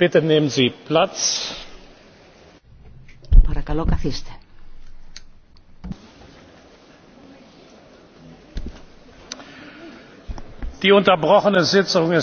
Bitte nehmen Sie Platz. Παρακαλώ καθίστε. Die unterbrochene Sitzung